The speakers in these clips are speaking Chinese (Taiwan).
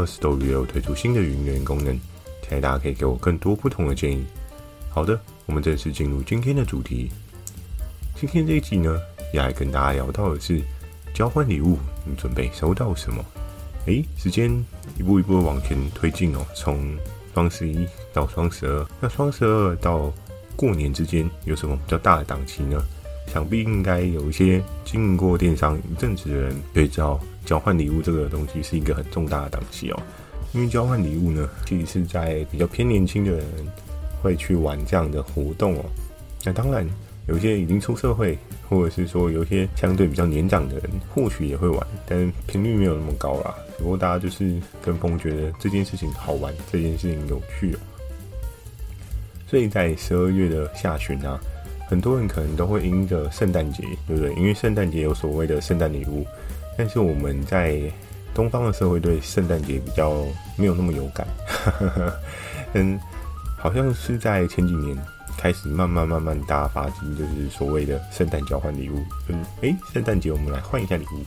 二十都旅遊推出新的語音功能，期待大家可以給我更多不同的建議。好的，我們正式進入今天的主題。今天這一集呢，也來跟大家聊到的是交換禮物，你準備收到什麼？哎，時間一步一步往前推進哦，從雙十一到雙十二，那雙十二到過年之間有什麼比較大的檔期呢？想必應該有一些經營過電商一陣子的人對照。交換禮物這個東西是一個很重大的檔期哦，因為交換禮物呢，其實是在比較偏年輕的人會去玩這樣的活動哦。那、啊、當然，有些已經出社會，或者是說有些相對比較年長的人，或許也會玩，但頻率沒有那麼高啦。只不過大家就是跟風，覺得這件事情好玩，這件事情有趣，哦。所以在十二月的下旬啊，很多人可能都會迎着聖誕節，對不對？因為聖誕節有所謂的聖誕禮物。但是我們在東方的社會對聖誕節比較沒有那麼有感， 嗯，好像是在前幾年開始慢慢慢慢大發生，就是所謂的聖誕交換禮物。嗯，誒、欸，聖誕節我們來換一下禮物，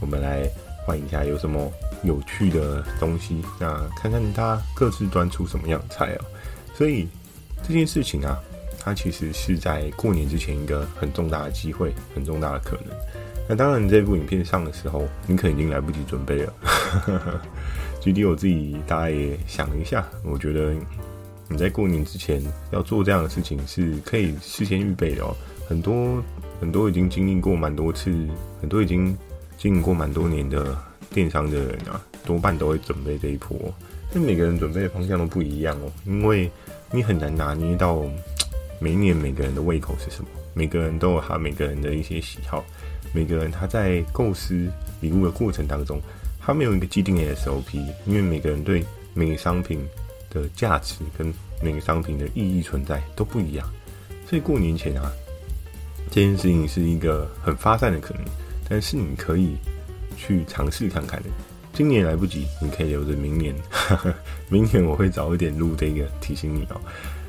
我們來換一下有什麼有趣的東西，那看看他各自端出什麼樣菜哦、喔。所以這件事情啊，它其實是在過年之前一個很重大的機會，很重大的可能。那當然，這部影片上的時候，你可能已經來不及準備了。其 實我自己，大概也想一下。我覺得你在過年之前要做這樣的事情，是可以事先預備的哦。很多很多已經經歷過蠻多次，很多已經經營過蠻多年的電商的人啊，多半都會準備這一波。但每個人準備的方向都不一樣哦，因為你很難拿捏到每年每個人的胃口是什麼，每個人都有他每個人的一些喜好。每個人他在構思禮物的過程當中，他沒有一個既定的 SOP，因為每個人對每個商品的價值跟每個商品的意義存在都不一樣，所以過年前啊，這件事情是一個很發散的可能，但是你可以去嘗試看看的。今年來不及，你可以留着明年呵呵。明年我會早一點錄這個提醒你哦。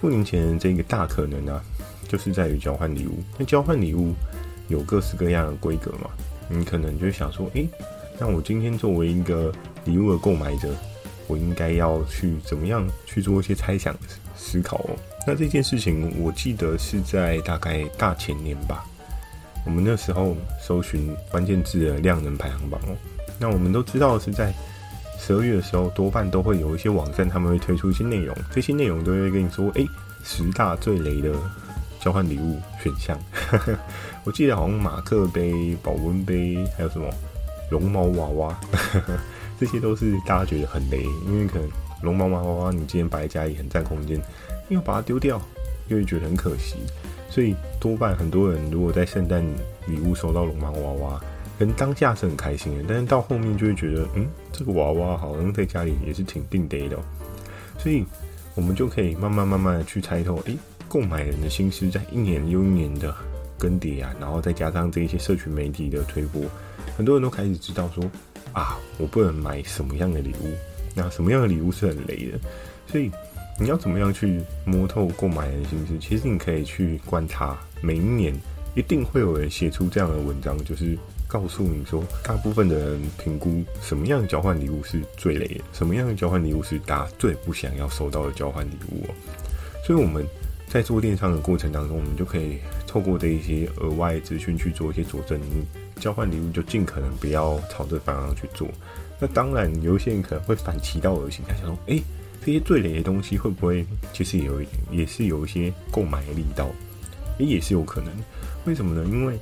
過年前這個大可能啊，就是在於交換禮物。那交換禮物，有各式各樣的規格嘛。你可能就想說，誒、欸，那我今天作為一個禮物的購買者，我應該要去怎麼樣去做一些猜想思考？哦，那這件事情我記得是在大概大前年吧，我們那時候搜尋關鍵字的量能排行榜哦。那我們都知道的是在十二月的時候，多半都會有一些網站他們會推出一些內容，這些內容都會跟你說，誒、欸，十大最雷的交換禮物選項。 我記得好像馬克杯、保溫杯，還有什麼絨毛娃娃呵呵，這些都是大家覺得很雷，因為可能絨毛,毛娃娃你今天擺在家裡很占空間，因為把它丟掉又會覺得很可惜，所以多半很多人如果在聖誕禮物收到絨毛娃娃，可能當下是很開心的，但是到後面就會覺得，嗯，這個娃娃好像在家裡也是挺定呆的、哦，所以我們就可以慢慢慢慢的去猜透，誒、欸、購買人的心思在一年又一年的。更迭啊，然後再加上這一些社群媒體的推播，很多人都開始知道說啊，我不能買什麼樣的禮物，那什麼樣的禮物是很雷的。所以你要怎麼樣去摸透購買人的心思？其實你可以去觀察，每一年一定會有人寫出這樣的文章，就是告訴你說，大部分的人評估什麼樣的交換禮物是最雷的，什麼樣的交換禮物是大家最不想要收到的交換禮物喔。所以，我們。在做電商的過程當中，我們就可以透過這一些額外資訊去做一些佐證。交換禮物，就盡可能不要朝這方向去做。那當然，有些人可能會反其道而行，他想說：誒、欸，這些最雷的東西會不會其實也有，也是有一些購買力道，誒、欸，也是有可能。為什麼呢？因為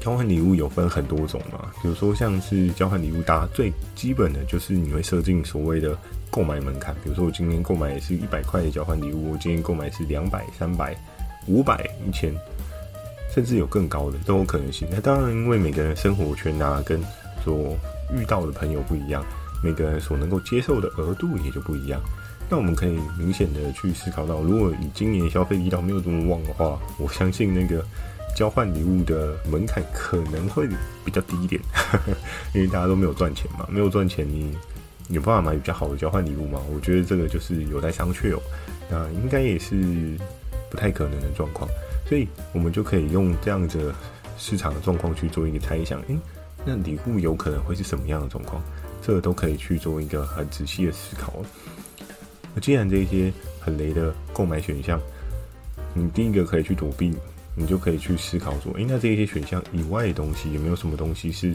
交換禮物有分很多種嘛，比如說像是交換禮物，大家最基本的就是你會設定所謂的。購買門檻，比如說我今年購買的是一百塊的交換禮物，我今年購買是兩百、三百、五百、一千，甚至有更高的都有可能性。那當然，因為每個人生活圈啊，跟所遇到的朋友不一樣，每個人所能夠接受的額度也就不一樣。那我們可以明顯的去思考到，如果以今年消費力道沒有這麼旺的話，我相信那個交換禮物的門檻可能會比較低一點， 因為大家都沒有賺錢嘛，沒有賺錢你有辦法買比較好的交換禮物嗎？我覺得這個就是有待商榷喔。那應該也是不太可能的狀況，所以我們就可以用這樣子的市場的狀況去做一個猜想。欸，那禮物有可能會是什麼樣的狀況？這個都可以去做一個很仔細的思考。那既然這些很雷的購買選項，你第一個可以去躲避，你就可以去思考說，欸，那這些選項以外的東西有沒有什麼東西是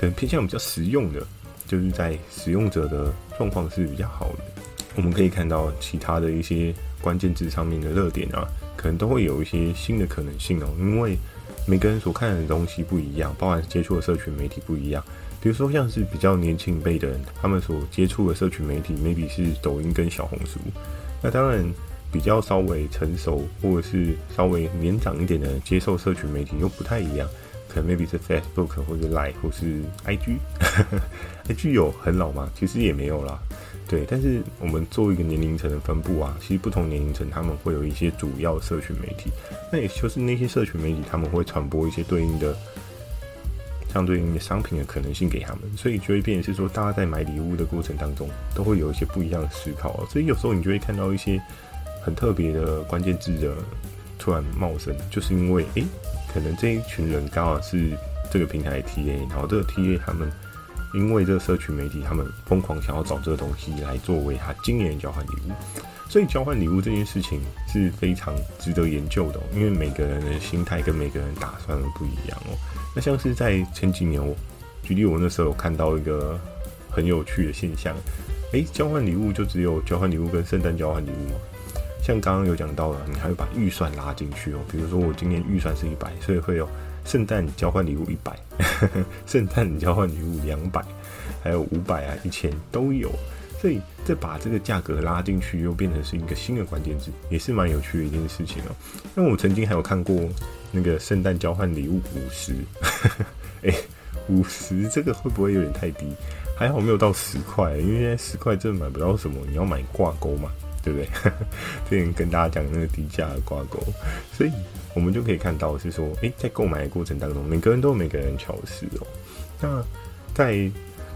可能偏向比較實用的？就是在使用者的狀況是比較好的，我們可以看到其他的一些關鍵字上面的熱點啊，可能都會有一些新的可能性哦。因為每個人所看的東西不一樣，包含接觸的社群媒體不一樣。比如說像是比較年輕輩的人，他們所接觸的社群媒體 maybe 是抖音跟小紅書。那當然比較稍微成熟或者是稍微年長一點的接受的社群媒體又不太一樣。可能 maybe 是 Facebook 或者 Line 或者是 IG，IG IG 有很老嗎？其實也沒有啦。對，但是我們做一個年齡層的分布啊，其實不同年齡層他們會有一些主要社群媒體，那也就是那些社群媒體他們會傳播一些對應的，相對應的商品的可能性給他們，所以就會變成是說，大家在買禮物的過程當中都會有一些不一樣的思考，哦，所以有時候你就會看到一些很特別的關鍵字的突然冒生，就是因為誒。欸可能這一群人剛好是這個平台的 TA，然後這個 TA 他們因為這個社群媒體，他們瘋狂想要找這個東西來作為他今年的交換禮物，所以交換禮物這件事情是非常值得研究的哦，因為每個人的心態跟每個人打算不一樣哦。那像是在前幾年我，我舉例我那時候有看到一個很有趣的現象，誒、欸，交換禮物就只有交換禮物跟聖誕交換禮物嗎？像剛剛有講到了，你還會把預算拉進去哦。比如說，我今年預算是一百，所以會有聖誕交換禮物一百，聖誕交換禮物兩百，還有五百啊、一千都有。所以這把這個價格拉進去，又變成是一個新的關鍵字，也是蠻有趣的一件事情哦。那我曾經還有看過那個聖誕交換禮物五十，哎、欸，五十這個會不會有點太低？還好沒有到十塊，因為現在十塊真的買不到什麼。你要買掛鈎嘛？對不對？ 之前跟大家講那個低價的掛鈎，所以我們就可以看到是說，誒，在購買的過程當中，每個人都有每個人巧思哦、喔。那在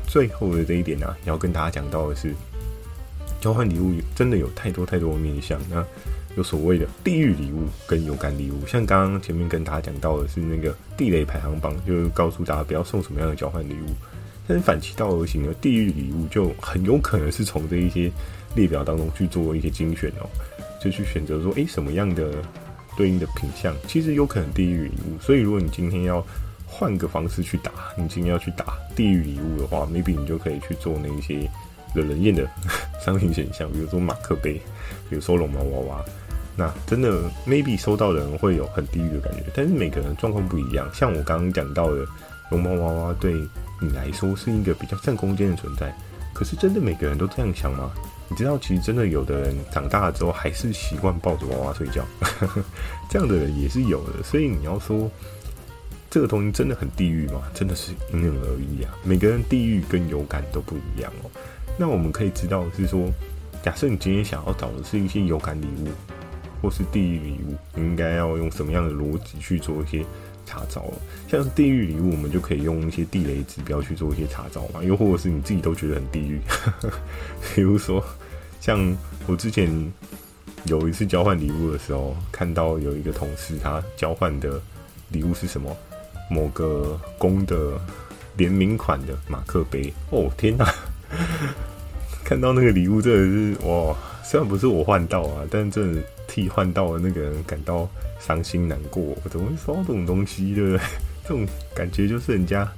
最後的這一點呢，也要跟大家講到的是，交換禮物真的有太多太多的面向。那有所謂的地獄禮物跟有感禮物，像剛剛前面跟大家講到的是那個地雷排行榜，就是告訴大家不要送什麼樣的交換禮物。但是反其道而行的地獄禮物，就很有可能是從這一些。列表當中去做一些精選哦，就去選擇說，哎、欸，什麼樣的對應的品項，其實有可能地獄禮物。所以，如果你今天要換個方式去打，你今天要去打地獄禮物的話，maybe 你就可以去做那一些惹人厭的呵呵商品選項，比如說馬克杯，比如說龍貓娃娃。那真的 maybe 收到的人會有很地獄的感覺，但是每個人狀況不一樣。像我剛剛講到的，龍貓娃娃對你來說是一個比較佔空間的存在，可是真的每個人都這樣想嗎？你知道，其實真的有的人長大了之後還是習慣抱着娃娃睡覺， 這樣的人也是有的。所以你要說這個東西真的很地獄嗎？真的是因人而異啊，每個人地獄跟有感都不一樣哦。那我們可以知道是說，假設你今天想要找的是一些有感禮物或是地獄禮物，應該要用什麼樣的邏輯去做一些查找？像是地獄禮物，我們就可以用一些地雷指標去做一些查找嘛。又或者是你自己都覺得很地獄，比 如說。像我之前有一次交換禮物的時候，看到有一個同事他交換的禮物是什麼？某個公的聯名款的馬克杯。哦天吶、啊！ 看到那個禮物真的是哇，雖然不是我換到啊，但是真的替換到的那個人感到傷心難過。我怎麼會收到這種東西？對不對？這種感覺就是人家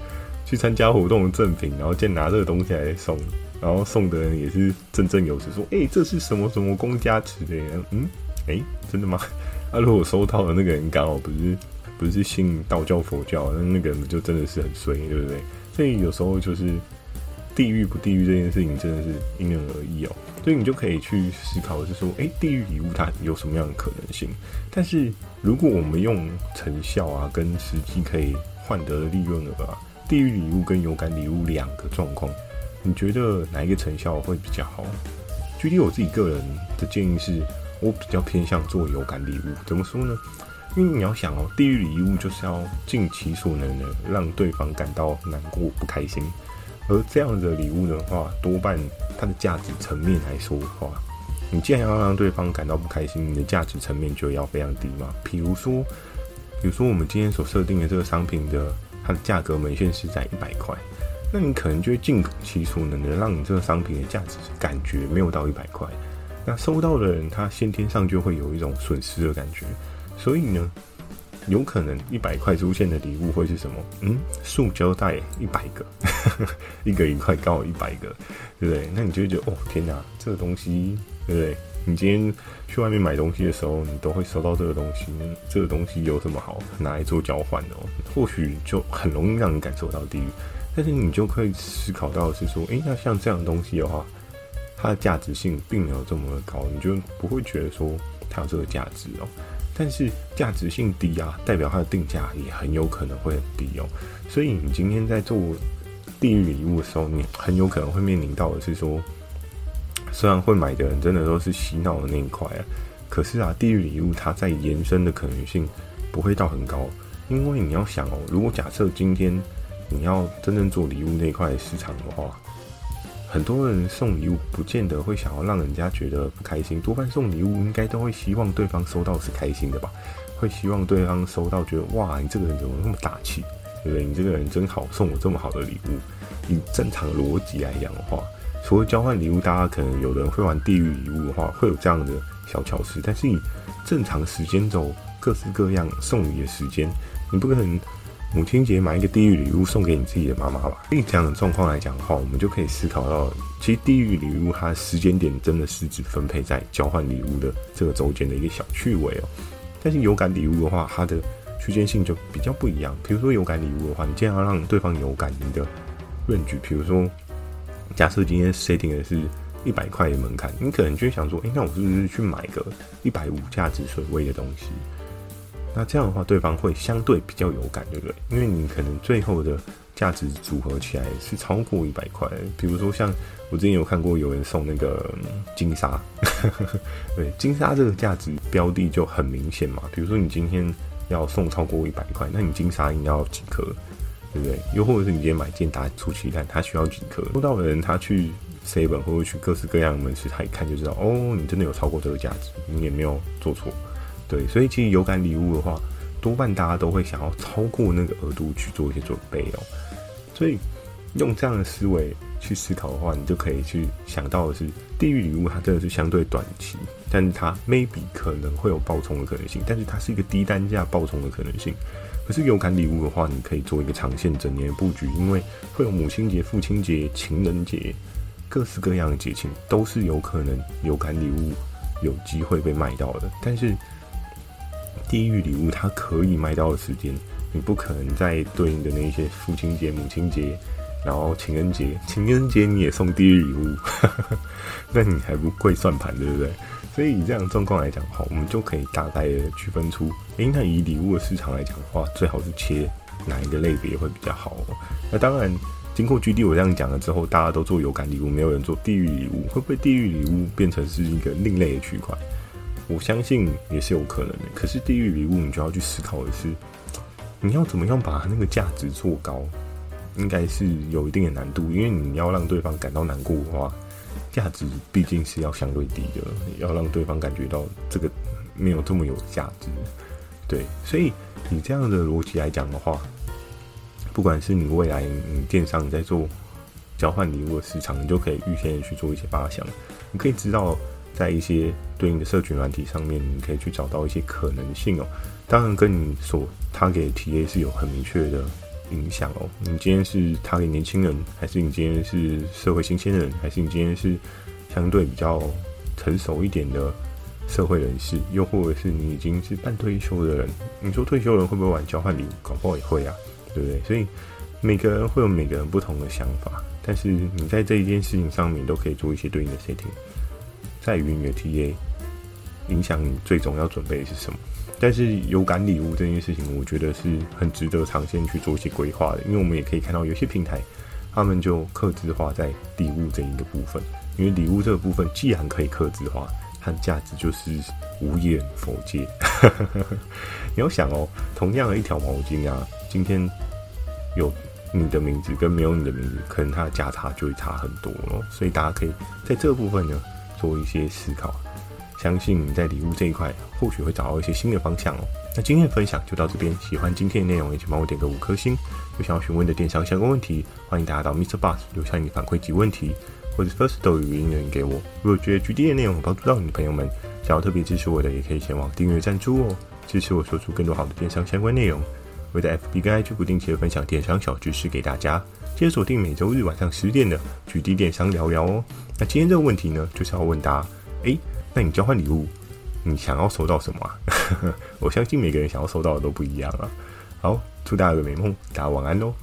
去參加活動的贈品，然後竟然拿這個東西來送。然後送的人也是振振有詞，說：“誒，這是什麼什麼功加持的？嗯，誒，真的嗎？啊，如果收到的那個人剛好不是不是信道教、佛教，那那個人就真的是很衰，對不對？所以有時候就是地獄不地獄這件事情真的是因人而異哦。所以你就可以去思考，是說，誒，地獄禮物它有什麼樣的可能性？但是如果我們用成效啊跟實際可以換得的利潤額啊，地獄禮物跟有感禮物兩個狀況。”你覺得哪一個成效會比較好？具體我自己個人的建議是，我比較偏向做有感禮物。怎麼說呢？因爲你要想哦，地獄禮物就是要盡其所能的讓對方感到難過、不開心。而這樣的禮物的話，多半它的價值層面來說的話，你既然要讓對方感到不開心，你的價值層面就要非常低嘛。比如說，比如說我們今天所設定的這個商品的它的價格門限是在一百塊。那你可能就會盡其所能，能讓你這個商品的價值感覺沒有到一百塊。那收到的人他先天上就會有一種損失的感覺，所以呢，有可能一百塊出現的禮物會是什麼？嗯，塑膠袋一百個，一個一塊剛好一百個，對不對？那你就會覺得哦，天哪，這個東西，對不對？你今天去外面買東西的時候，你都會收到這個東西。這個東西有什麼好？拿來做交換的，或許就很容易讓你感受到地獄。但是你就可以思考到的是說，誒、欸，那像這樣的東西的話，它的價值性並沒有這麼高，你就不會覺得說它有這個價值哦。但是價值性低啊，代表它的定價也很有可能會很低哦。所以你今天在做地獄禮物的時候，你很有可能會面臨到的是說，雖然會買的人真的都是洗腦的那一塊啊，可是啊，地獄禮物它在延伸的可能性不會到很高，因為你要想哦，如果假設今天。你要真正做禮物那塊市場的話，很多人送禮物不見得會想要讓人家覺得不開心，多半送禮物應該都會希望對方收到是開心的吧？會希望對方收到覺得哇，你這個人怎麼那麼大氣，對不對？你這個人真好，送我這麼好的禮物。以正常邏輯來講的話，除了交換禮物，大家可能有人會玩地獄禮物的話，會有這樣的小巧思。但是你正常時間走，各式各樣送禮的時間，你不可能。母親節買一個地獄禮物送給你自己的媽媽吧。以這樣的狀況來講的話，我們就可以思考到，其實地獄禮物它的時間點真的是只分配在交換禮物的這個週間的一個小趣味哦、喔。但是有感禮物的話，它的區間性就比較不一樣。比如說有感禮物的話，你盡量要讓對方有感，你的論據，比如說，假設今天設定的是一百塊的門檻，你可能就會想說，哎、欸，那我是不是去買個一百五價值水位的東西？那這樣的話，對方會相對比較有感，對不對？因為你可能最後的價值組合起來是超過一百塊。比如說，像我之前有看過有人送那個金莎， 對，金莎這個價值標的就很明顯嘛。比如說，你今天要送超過一百塊，那你金莎應該要幾顆，對不對？又或者是你今天買一件出奇蛋，它需要幾顆，收到的人他去 seven 或者去各式各樣的門市，他一看就知道，哦，你真的有超過這個價值，你也沒有做錯。對，所以其實有感禮物的話，多半大家都會想要超過那個額度去做一些準備哦。所以用這樣的思維去思考的話，你就可以去想到的是，地獄禮物它真的是相對短期，但是它 maybe 可能會有爆衝的可能性，但是它是一個低單價爆衝的可能性。可是有感禮物的話，你可以做一個長線整年的布局，因為會有母親節、父親節、情人節，各式各樣的節慶都是有可能有感禮物有機會被賣到的，但是。地獄禮物，它可以賣到的時間，你不可能在對應的那一些父親節、母親節，然後情人節，情人節你也送地獄禮物，那你還不貴算盤，對不對？所以以這樣的狀況來講的話，我們就可以大概的區分出，誒、欸，那以禮物的市場來講的話，最好是切哪一個類別會比較好哦？那當然，經過 GD 我這樣講了之後，大家都做有感禮物，沒有人做地獄禮物，會不會地獄禮物變成是一個另類的區塊？我相信也是有可能的，可是地獄禮物你就要去思考的是，你要怎麼樣把那個價值做高，應該是有一定的難度，因為你要讓對方感到難過的話，價值畢竟是要相對低的，要讓對方感覺到這個沒有這麼有價值，對，所以你這樣的邏輯來講的話，不管是你未來你電商在做交換禮物的市場，你就可以預先去做一些發想，你可以知道。在一些對應的社群軟體上面，你可以去找到一些可能性哦、喔。當然，跟你所 target 的體驗是有很明確的影響哦。你今天是 target 年輕人，還是你今天是社會新鮮人，還是你今天是相對比較成熟一點的社會人士，又或者是你已經是半退休的人？你說退休人會不會玩交換禮物？搞不好也會啊，對不對？所以每個人會有每個人不同的想法，但是你在這一件事情上面都可以做一些對應的 setting。在於你的 TA 影響你最終要準備的是什麼，但是有感禮物這件事情，我覺得是很值得長線去做一些規劃的，因為我們也可以看到有些平台他們就客製化在禮物這一個部分，因為禮物這個部分既然可以客製化，它的價值就是無遠弗屆。 你要想哦，同樣的一條毛巾啊，今天有你的名字跟沒有你的名字，可能它的價差就會差很多哦，所以大家可以在這個部分呢。多一些思考，相信你在禮物這一塊，或許會找到一些新的方向哦。那今天的分享就到這邊，喜歡今天的內容，也請幫我點個五顆星。有想要詢問的電商相關問題，歡迎大家到 Mr. Bus 留下你的反饋及問題，或者 Firstory 的語音留言給我。如果覺得 GD 的內容有幫助到你的朋友們想要特別支持我的，也可以前往訂閱贊助哦，支持我說出更多好的電商相關內容。會在 FB 跟 IG 不定期的分享電商小知識給大家，接着鎖定每周日晚上十點的《GD 電商聊聊》哦。那今天這個問題呢，就是要問大家：哎，那你交換禮物，你想要收到什麼啊？ 我相信每個人想要收到的都不一樣啊。好，祝大家有個美夢，大家晚安哦。